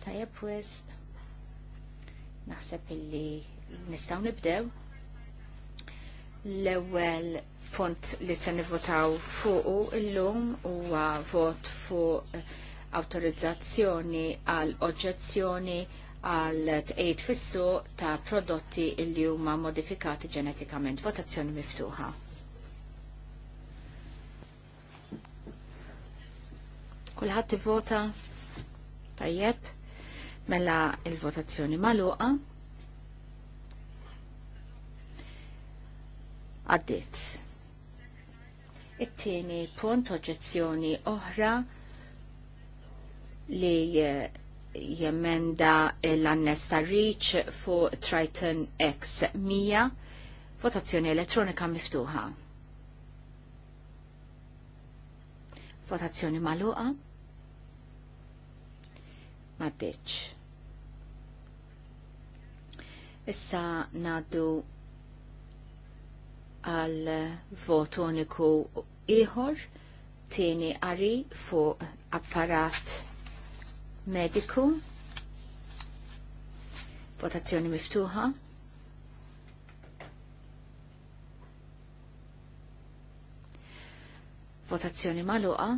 Tajab wis naħseb illi nistgħu nibdew. L-ewwel punt li se nivvotaw fuqu illum huwa vot fuq awtorizzazzjoni għal oġġezzjoni għal tqejt fissu ta' prodotti illi huma modifikati ġenetikament. Votazzjoni miftuħa. Kulħadd ivota tajjeb. Mela il-votazzjoni maluqa. Għaddit. It-tieni punt oġezzjoni oħra li eh, jemenda l-annes ta' Reach fu Triton X 100 votazzjoni elettronika miftuħa. Votazzjoni maluqa maddeċ. Issa naddu għal vot iħor ieħor tieni qari fuq apparat mediku votazzjoni miftuħa votazzjoni maluqa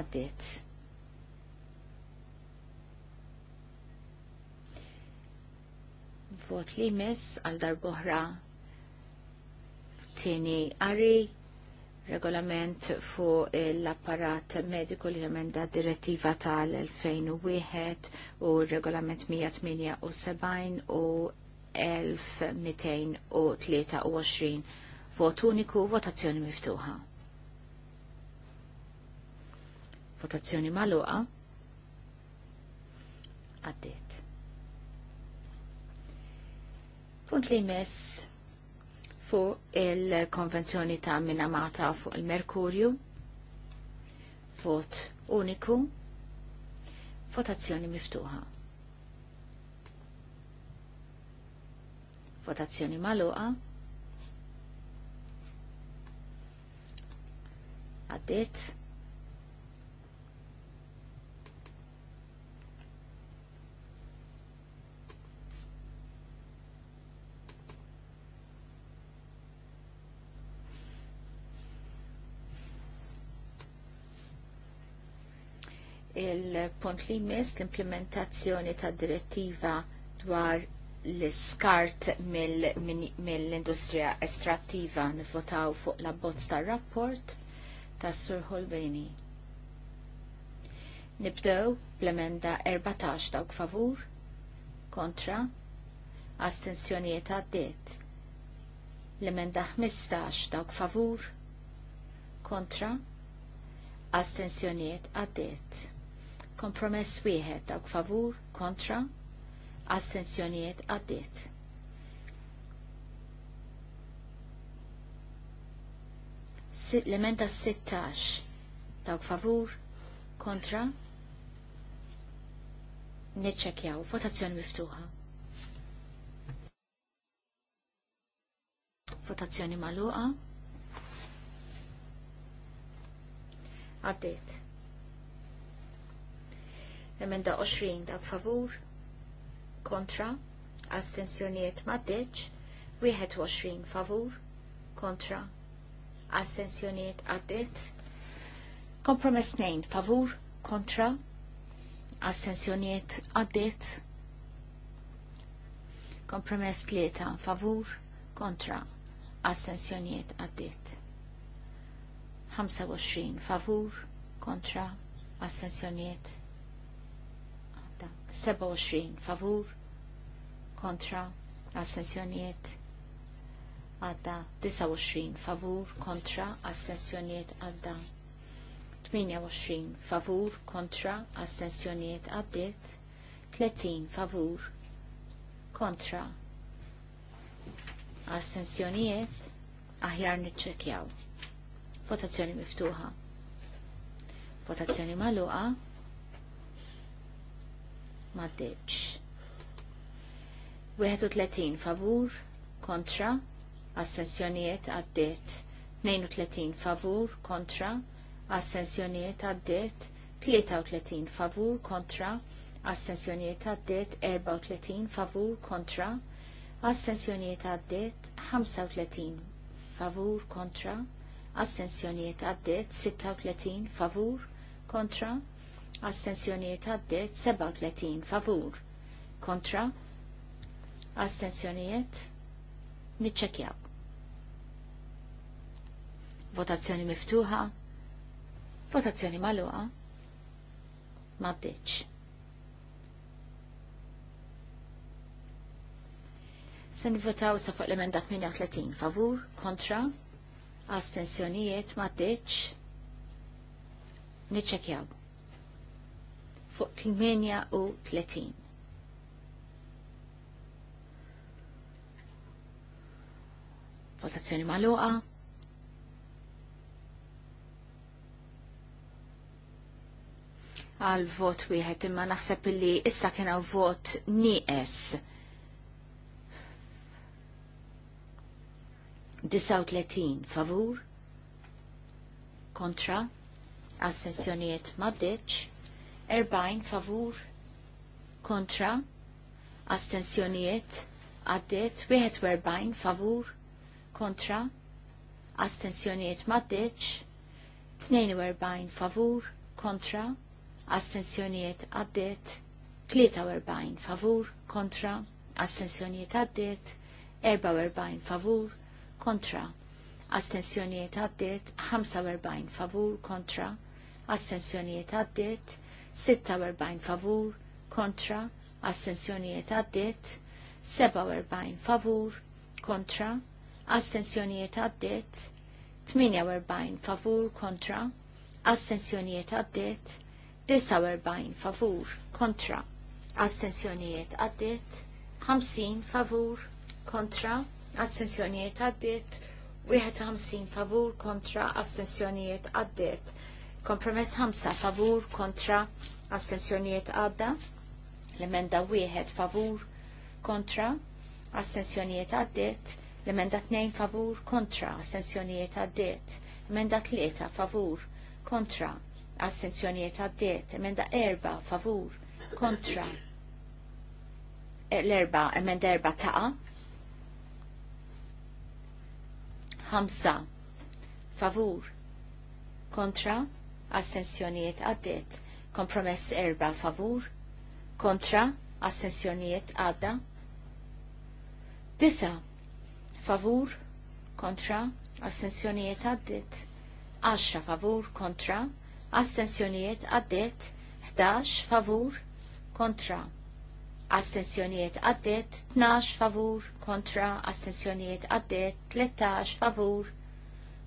għaddiet. vot li mis għal darboħra tini għari regolament fu l-apparat mediku li emenda direttiva tal-2001 u regolament 178 u 1223 vot uniku votazzjoni miftuħa. Votazzjoni maluqa għaddit. Punt li mess fuq il-konvenzjoni ta' Minamata fuq il-Merkurju. Vot uniku. Votazzjoni miftuħa. Votazzjoni maluqa. Għaddit. il-punt li jmiss l-implementazzjoni ta' direttiva dwar l-skart mill-industrija estrattiva nivvotaw fuq l-abbozz tar rapport ta' Sur Holbeni. Nibdew bl-emenda 14 dawk favur, kontra, astensjonijiet għaddiet. L-emenda 15 dawk favur, kontra, astensjonijiet għaddiet Kompromess wieħed dawk favur kontra assenzjonijiet għaddiet. L-emenda 16 dawk favur kontra neċċekjaw, votazzjoni miftuħa. Votazzjoni maluqa. Għaddiet. Emenda 20 dak favur kontra astensjonijiet maddeċ. 21 favur kontra astensjoniet għaddit. Kompromess 2 favur kontra astensjoniet għaddit. Kompromess 3 favur kontra astensjoniet għaddit. 25 favur kontra astensjonijiet 27 favur kontra assenzjoniet għadda 29 favur kontra assenzjoniet għadda 28 favur kontra assenzjoniet għaddit 30 favur kontra assenzjoniet aħjar nitċekjaw Votazzjoni miftuħa. Votazzjoni maluqa maddeċ. 31 favur kontra assenzjonijiet għaddiet. 32 favur kontra assenzjonijiet għaddiet. 33 favur kontra assenzjonijiet għaddiet. 34 favur kontra assenzjonijiet għaddiet. 35 favur kontra assenzjonijiet għaddiet. 36 favur kontra astensjonijiet għaddit 37 favur kontra astensjonijiet niċċekjaw. Votazzjoni miftuħa, votazzjoni maluqa, Maddiċ. Sen votaw sa fuq l emendat 38 favur, kontra, astensjonijiet maddiċ, bdiċ, niċċekjaw fuq 38. Votazzjoni maluqa. Għal vot wieħed imma naħseb li issa kien vot nieqes. 39 favur kontra assenzjonijiet maddeċ erbajn favur kontra astensjonijiet għaddiet 41 favur kontra astensjonijiet maddeċ 42 favur kontra astensjonijiet għaddiet 43 favur kontra astensjonijiet għaddiet 44 favur kontra astensjonijiet għaddiet 45 favur kontra astensjonijiet għaddiet 46 favur kontra astensjonijiet għaddit 47 favur kontra astensjonijiet għaddit 48 favur kontra astensjonijiet għaddit 49 favur kontra astensjonijiet għaddit 50 favur kontra astensjonijiet għaddit 51 favur kontra astensjonijiet għaddit Kompromess 5 favur kontra astensjoniet għadda. L-emenda 1 favur kontra astensjoniet għaddet. L-emenda 2 favur kontra għaddet. l Emenda 3 favur kontra għaddet. l Emenda 4 favur kontra e, l-erba emenda erba taqa. Hamsa. Favur. Kontra assenzjonijiet għaddiet. Kompromess erba favur, kontra, assenzjonijiet għadda. Disa, favur, kontra, assenzjonijiet għaddiet. 10 favur, kontra, assenzjonijiet għaddiet. 11 favur, kontra, assenzjonijiet għaddiet, 12 favur kontra, astensjonijiet għaddiet, 13 favur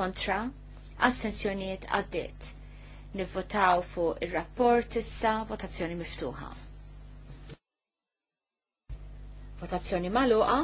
kontra, astensjonijiet għaddiet nivvotaw fuq il-rapport issa votazzjoni miftuħa. Votazzjoni maluqa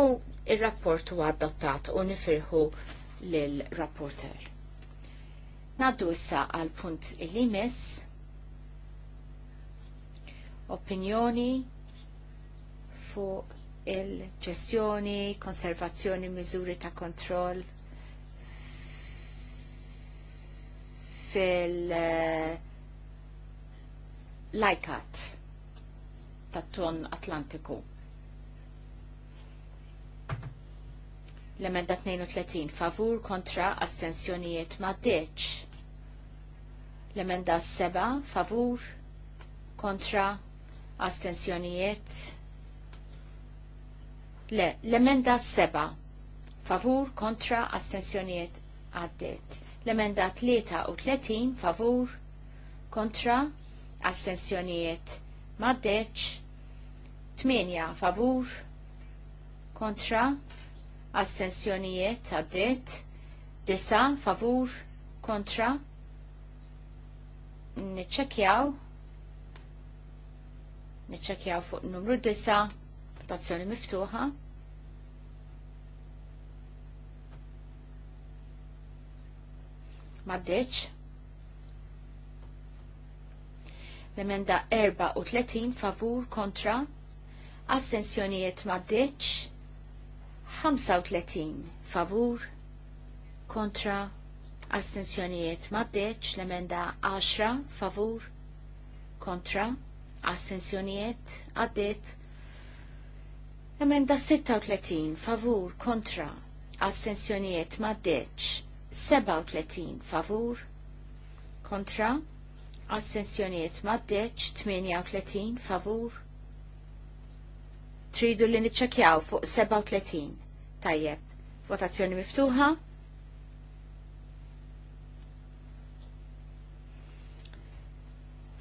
u il-rapport huwa adottat u nifirħu lill-rapporter. Naddu issa għal punt il-limes opinjoni fuq il-ġestjoni, konservazzjoni, miżuri ta' kontroll fil-lajkat tat-ton Atlantiku. L-emenda 32 favur kontra astensjonijiet ma' deċ. L-emenda 7 favur kontra astensjonijiet. Le, l-emenda 7 favur kontra astensjonijiet għaddiet L-emenda 33 favur kontra assenzjonijiet maddeċ. 8 favur kontra assenzjonijiet għaddit. 9 favur kontra niċċekjaw niċċekjaw fuq numru 9 votazzjoni miftuħa bdeċ. L-emenda 34 favur kontra ma bdeċ 35 favur kontra assenzjonijiet bdeċ L-emenda 10 favur kontra assenzjonijiet għaddit. Emenda 36 favur kontra assenzjonijiet maddeċ. 37 favur kontra assenzjoniet maddeċ 38 favur tridu li niċċekjaw fuq 37 tajjeb votazzjoni miftuħa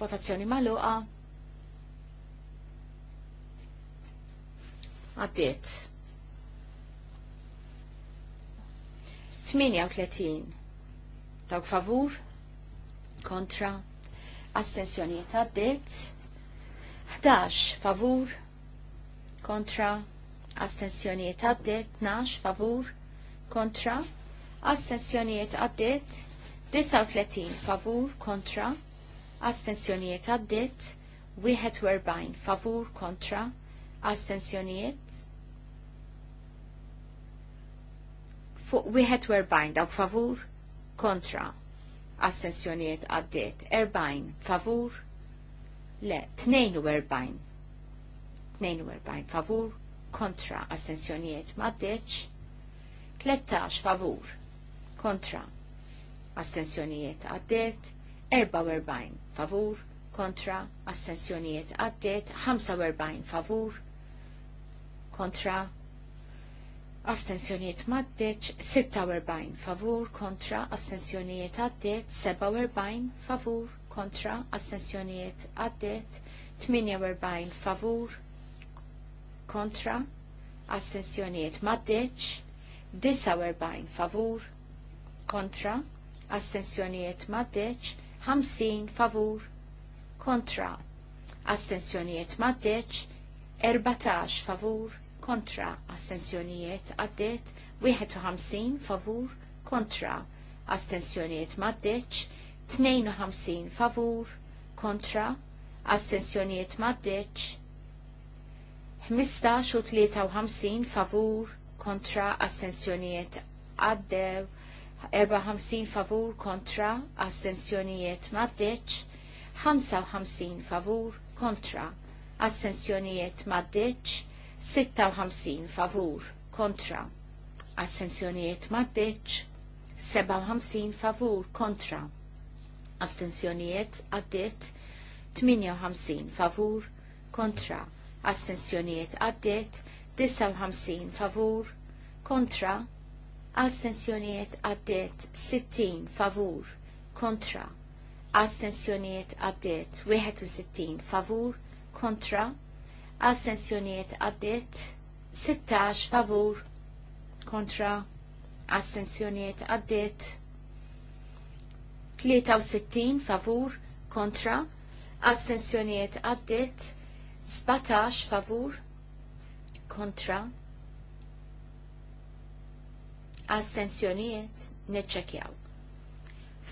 votazzjoni maluqa għaddiet 38. Dawk favur, kontra, astensjonijiet għaddit. 11 favur, kontra, astensjonijiet għaddit. 12 favur, kontra, astensjonijiet għaddit. 39 favur, kontra, astensjonijiet għaddit. 41 favur, kontra, astensjonijiet fuq erbajn dawk favur kontra astensjonijiet għaddiet Erbajn favur le tnejn 42 erbajn favur kontra astensjonijiet maddeċ 13 favur kontra astensjonijiet għaddiet 44 favur kontra astensjonijiet għaddiet 45 favur kontra Astenzjoniet maddeċ 46 favur kontra astenzjoniet għaddeċ 47 favur kontra astenzjoniet għaddeċ 48 favur kontra astenzjoniet maddeċ 49 favur kontra astenzjoniet maddeċ 50 favur kontra astenzjoniet maddeċ 14 favur kontra astensjonijiet għaddet 51 favur kontra astensjonijiet maddeċ 52 favur kontra astensjonijiet maddeċ 15 u 53 favur kontra astensjonijiet għaddew 54 favur kontra astensjonijiet maddeċ 55 favur kontra astensjonijiet maddeċ 56 favur kontra astensjonijiet maddeċ 57 favur kontra astensjonijiet għaddit 58 favur kontra astensjonijiet għaddit 59 favur kontra astensjonijiet għaddit 60 favur kontra astensjonijiet għaddit 61 favur kontra assenzjoniet għaddit 16 favur kontra assenzjoniet għaddit 63 favur kontra assenzjoniet għaddit 17 favur kontra assenzjoniet neċċekjaw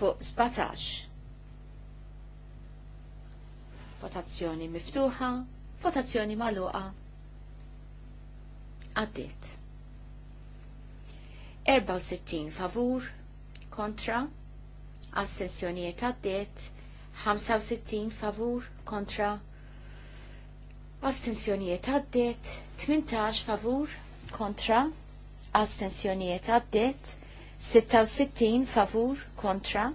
fuq 17 votazzjoni miftuħa Votazzjoni maluqa. Għaddit. 64 favur kontra assenzjonijiet għaddiet 65 favur kontra astensjonijiet għaddiet 18 favur kontra astensjonijiet għaddiet 66 favur kontra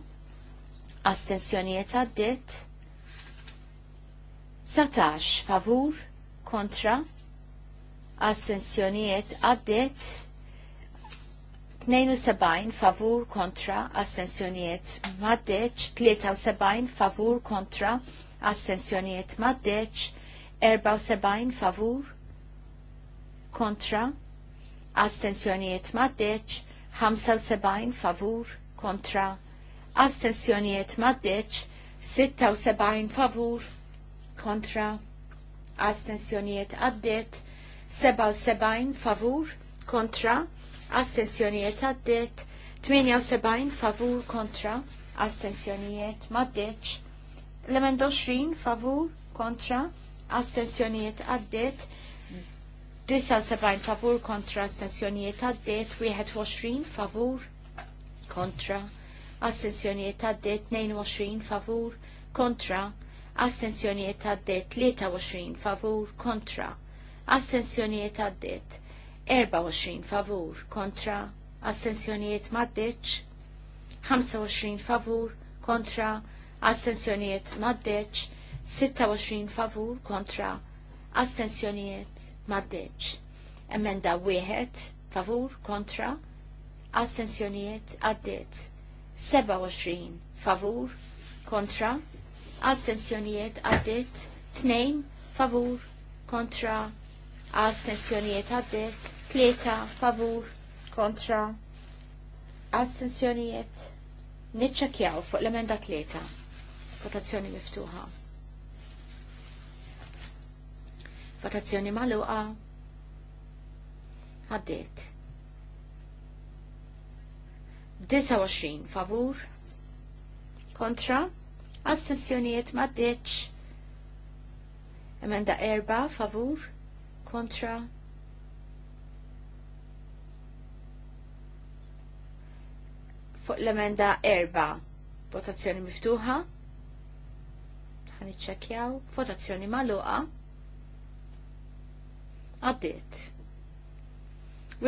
astensjonijiet għaddiet Satax favur kontra astensjonijiet għaddet 72 favur kontra astensjonijiet maddeċ 73 favur kontra astensjonijiet maddeċ 74 favur kontra astensjonijiet maddeċ 75 favur kontra astensjonijiet maddeċ 76 favur kontra kontra astensjoniet għaddiet 77 favur kontra astensjoniet għaddiet 78 favur kontra astensjoniet maddeċ l-emend 20 favur kontra astensjonijiet għaddiet 79 favur kontra astensjonijiet għaddiet 21 favur kontra astensjoniet għaddiet 22 favur kontra Astenzjonijiet għaddet 23 favur kontra. Astenzjonijiet għaddet 24 favur kontra. Astenzjonijiet maddeċ 25 favur kontra. Astenzjonijiet maddeċ 26 favur kontra. Astenzjonijiet maddeċ. Emenda wieħed favur kontra. Astenzjonijiet għaddet 27 favur kontra astensjonijiet għaddit, tnejn favur kontra astensjonijiet għaddit, tlieta favur kontra astensjonijiet nitċakjaw fuq l-emenda tlieta. Votazzjoni miftuħa. Votazzjoni maluqa għaddit. 29 favur kontra Astensjonijiet maddeċ. Emenda erba favur kontra fuq l-emenda erba votazzjoni miftuħa ħaniċċekjaw votazzjoni maluqa għaddiet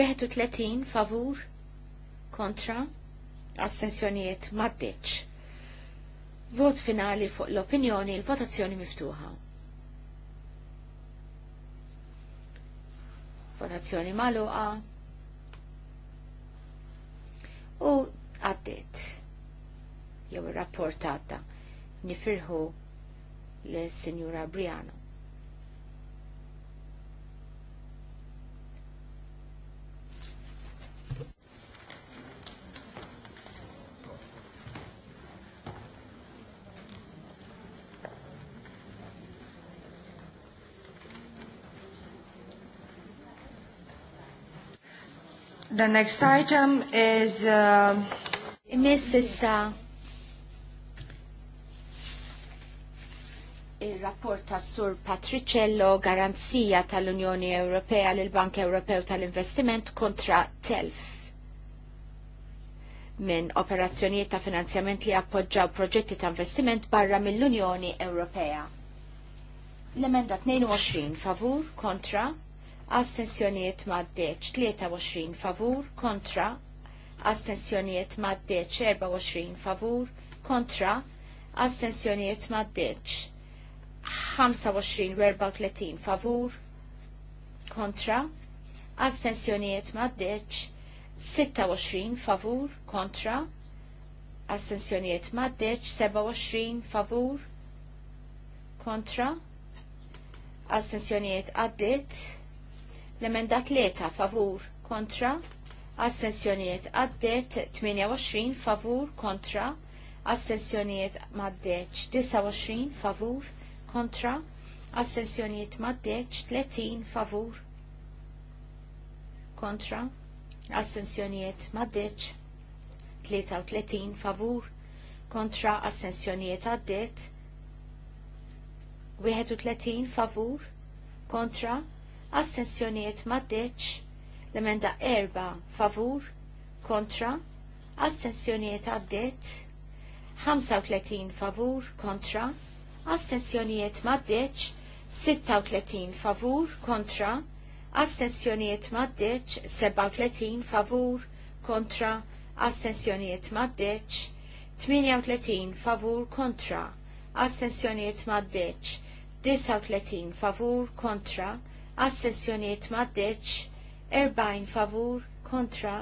31 favur kontra astensjonijiet maddeċ Vot finali fuq l-opinjoni, il-votazzjoni miftuħa. Votazzjoni maluqa. U għaddit. Jew ir-rapport għadda. Nifirħu l-Sinjura Briano. The next item is... Uh... Miss issa il-rapport ta' Sur Patricello Garanzija tal-Unjoni Ewropea lil bank Ewropew tal-Investiment kontra telf minn operazzjonijiet ta' finanzjament li appoġġaw proġetti ta' investiment barra mill-Unjoni Ewropea. L-emenda 22 favur kontra astensjonijiet maddeċ 23 favur kontra astensjonijiet maddeċ 24 favur kontra astensjonijiet maddeċ 25-34 favur kontra astensjonijiet maddeċ 26 favur kontra Astensjoniet maddeċ 27 favur kontra astensjonijiet addeċ L-emenda 3 favur kontra astensjoniet għaddet 28 favur kontra astensjoniet maddeċ 29 favur kontra astensjoniet maddeċ 30 favur kontra astensjoniet maddeċ 33 favur kontra astensjoniet għaddet 31 favur kontra Astenzjoniet maddeċ. L-emenda erba favur kontra. Astenzjoniet għaddit. 35 favur kontra. Astenzjoniet maddeċ. 36 favur kontra. Astensjonijiet maddeċ. 37 favur kontra. Astenzjoniet maddeċ. 38 favur kontra, Astenzjoniet maddeċ, 39 favur kontra, assenzjoniet maddeċ, 40 favur kontra,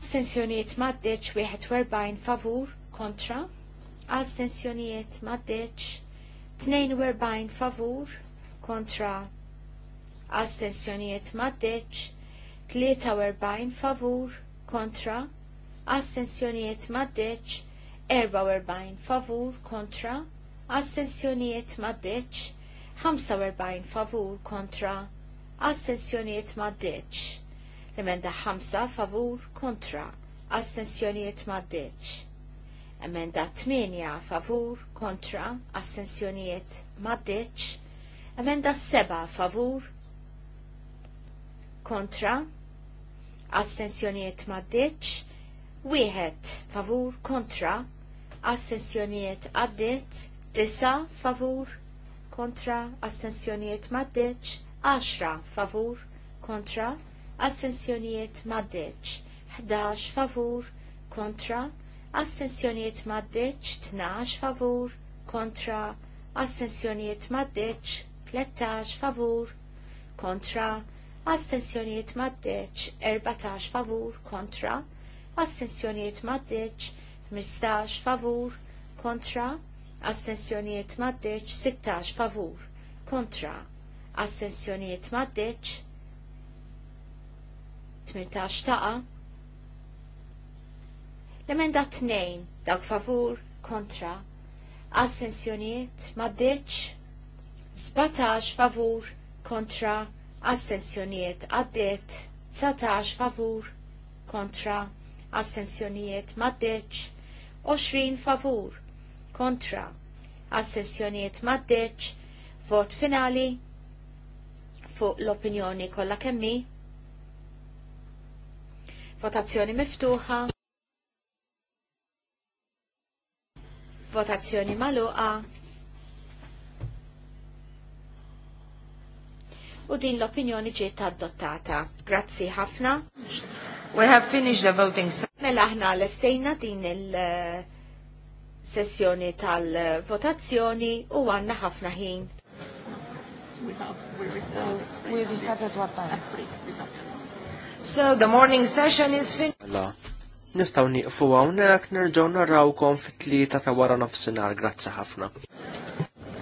assenzjoniet maddeċ 41 favur kontra, assenzjoniet maddeċ 42 favur kontra, assenzjoniet maddeċ 43 favur kontra, assenzjoniet maddeċ 44 favur kontra, assenzjoniet maddeċ 45 favur kontra astensjonijiet maddeċ. Emenda 5 favur kontra astensjonijiet maddeċ. Emenda 8 favur kontra astensjonijiet maddeċ. Emenda 7 favur kontra astensjonijiet maddeċ. Wieħed favur kontra astensjoniet għaddit. Tisa favur kontra astensjonijiet maddeċ, 10 favur kontra astensjonijiet maddeċ, 11 favur kontra astensjonijiet maddeċ, 12 favur kontra astensjonijiet maddeċ, 13 favur kontra astensjonijiet maddeċ, 14 favur kontra astensjonijiet maddeċ, 15 favur kontra astensjonijiet maddeċ 16 favur kontra astensjonijiet maddeċ 18 taqa l-emenda 2 dak favur kontra astensjonijiet maddeċ 17 favur kontra astensjonijiet għaddiet 19 favur kontra astensjonijiet maddeċ 20 favur kontra as-sessjonijiet maddeċ, vot finali fuq l-opinjoni kollha kemmi. Votazzjoni miftuħa. Votazzjoni maluqa. u din l-opinjoni ġiet adottata. Grazzi ħafna. We have finished the voting. Mela aħna l-estejna din il- sessjoni tal-votazzjoni u għanna ħafna ħin. So the morning session is finished. Mela, nistaw niqfu għawnek nerġaw narrawkom fit-tlieta ta' wara nofsinhar, grazzi ħafna.